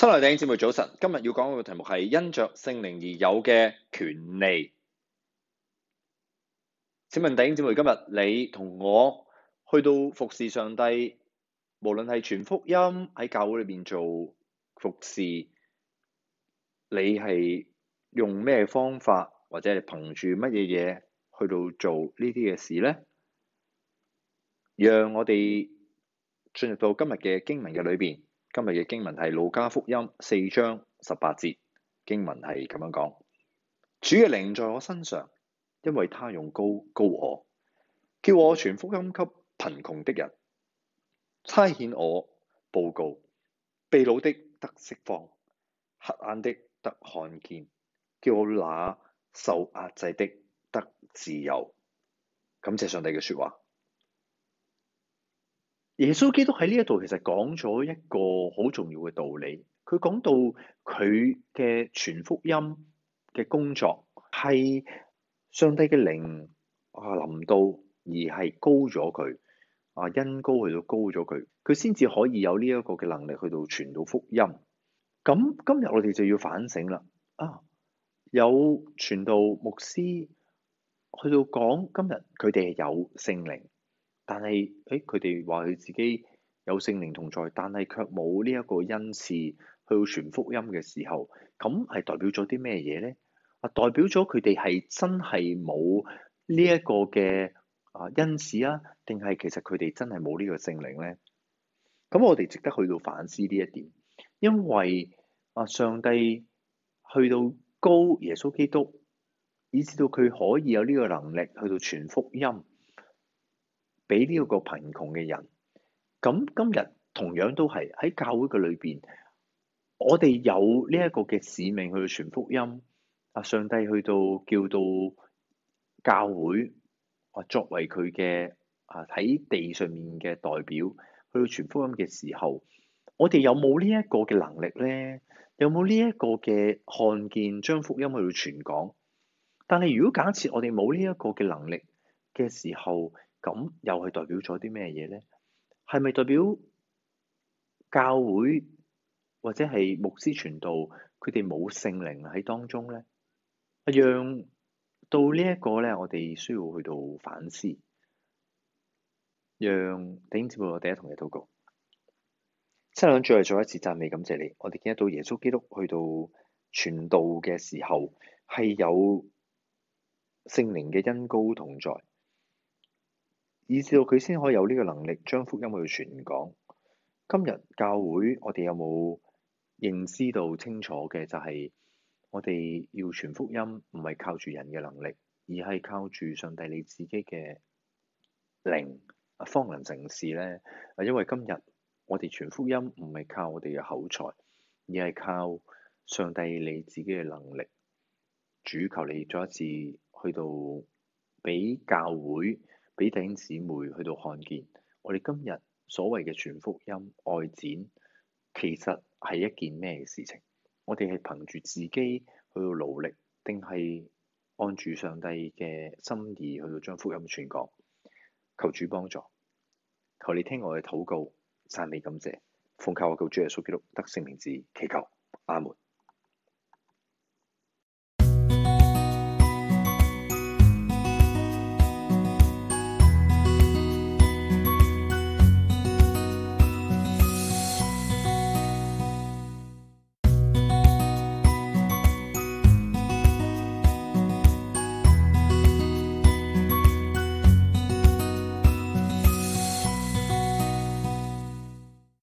親愛弟兄姊妹早晨，今日要講嘅題目係因着聖靈而有嘅權利。請問弟兄姊妹，今日你同我去到服侍上帝，無論係傳福音喺教會裏面做服侍，你係用咩方法或者係憑住乜嘢嘢去到做呢啲嘅事呢？讓我哋進入到今日嘅經文嘅裏邊。今日嘅經文係路加福音四章十八節，經文係咁樣講：主嘅靈在我身上，因為他用膏膏我，叫我傳福音給貧窮的人，差遣我報告被擄的得釋放，瞎眼的得看見，叫我那受壓制的得自由。感謝上帝嘅說話。耶穌基督喺呢一度其實講咗一個好重要嘅道理，佢講到佢嘅傳福音嘅工作係上帝嘅靈啊，臨到而係膏咗佢啊，因膏去到膏咗佢，佢先至可以有呢一個嘅能力去到傳到福音。咁今日我哋就要反省啦啊，有傳道牧師去到講今日佢哋係有聖靈。但係，誒佢哋話佢自己有聖靈同在，但係卻冇呢一個恩賜去到傳福音嘅時候，咁係代表咗啲咩嘢咧？啊，代表咗佢哋係真係冇呢一個嘅啊恩賜啊，定係其實佢哋真係冇呢個聖靈咧？咁我哋值得去到反思呢一點，因為啊上帝去到膏耶穌基督，以致到佢可以有呢個能力去到傳福音。俾呢一個貧窮嘅人，咁今日同樣都係喺教會嘅裏邊，我哋有呢一個嘅使命去傳福音。啊，上帝去到叫到教會啊，作為佢嘅啊喺地上面嘅代表去傳福音嘅時候，我哋有冇呢一個嘅能力咧？有冇呢一個嘅看見將福音去到傳講？但係如果假設我哋冇呢一個嘅能力嘅時候，咁又係代表咗啲咩嘢咧？係咪代表教會或者係牧師傳道佢哋冇聖靈喺當中咧？讓到呢一個咧，我哋需要去到反思。讓頂住我第一同你禱告，新娘再做一次讚美感謝你。我哋見得到耶穌基督去到傳道嘅時候係有聖靈嘅恩膏同在。以至到佢先可以有呢個能力將福音去傳講。今日教會我哋有冇認知到清楚嘅就係我哋要傳福音，唔係靠住人嘅能力，而係靠住上帝你自己嘅靈方能成事咧。啊，因為今日我哋傳福音唔係靠我哋嘅口才，而係靠上帝你自己嘅能力。主求你再一次去到俾教會。俾弟兄姊妹去到看見，我哋今日所謂嘅全福音外展，其實係一件咩事情？我哋係憑住自己去到努力，定係按住上帝嘅心意去到將福音傳講？求主幫助，求你聽我嘅禱告，讚美感謝，奉靠我救主耶穌基督得聖名字，祈求，阿門。